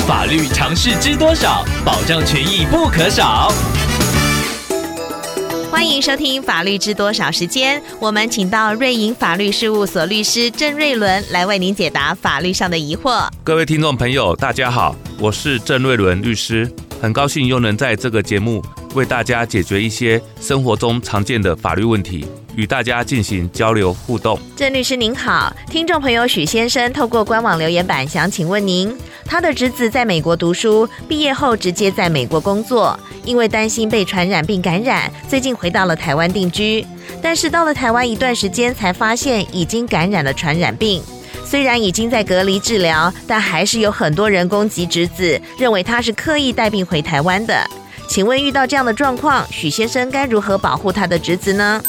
法律常識知多少？保障權益不可少。歡迎收聽《法律知多少》時間，我們請到瑞瀛法律事務所律師鄭瑞崙來為您解答法律上的疑惑。各位聽眾朋友，大家好，我是鄭瑞崙律師，很高興又能在這個節目。為大家解決一些生活中常見的法律問題，與大家進行交流互動。鄭律師您好，聽眾朋友許先生透過官網留言板想請問您，他的侄子在美國讀書，畢業後直接在美國工作，因為擔心被傳染病感染，最近回到了台灣定居。但是到了台灣一段時間，才發現已經感染了傳染病，雖然已經在隔離治療，但還是有很多人攻擊侄子，認為他是刻意帶病回台灣的。請問遇到這樣的狀況，許先生該如何保護他的侄子呢？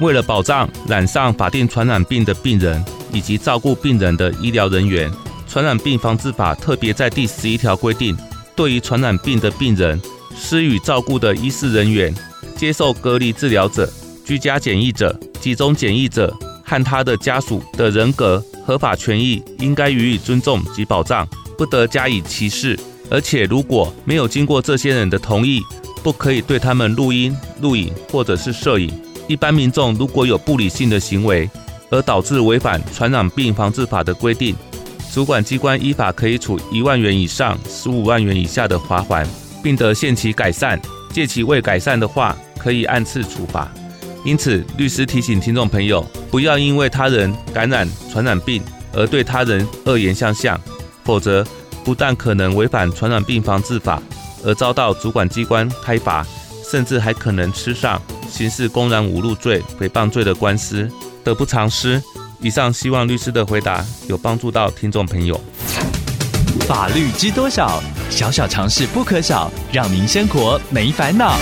為了保障染上法定傳染病的病人以及照顧病人的醫療人員，《傳染病防治法》特別在第十一條規定，對於傳染病的病人、施予照顧的醫事人員、接受隔離治療者、居家檢疫者、集中檢疫者和他的家屬的人格、合法權益，應該予以尊重及保障，不得加以歧視。而且如果沒有經過這些人的同意，不可以對他們錄音、錄影或者是攝影。一般民眾如果有不理性的行為，而導致違反傳染病防治法的規定，主管機關依法可以處一萬元以上十五萬元以下的罰鍰，並得限期改善；屆期未改善的話，可以按次處罰。因此，律師提醒聽眾朋友，不要因為他人感染傳染病而對他人惡言相向，向，否則，不但可能違反傳染病防治法而遭到主管機關開罰，甚至還可能吃上刑事公然侮辱罪、誹謗罪的官司，得不償失。以上希望律師的回答有幫助到聽眾朋友。法律知多少？小小常識不可少，讓您生活沒煩惱。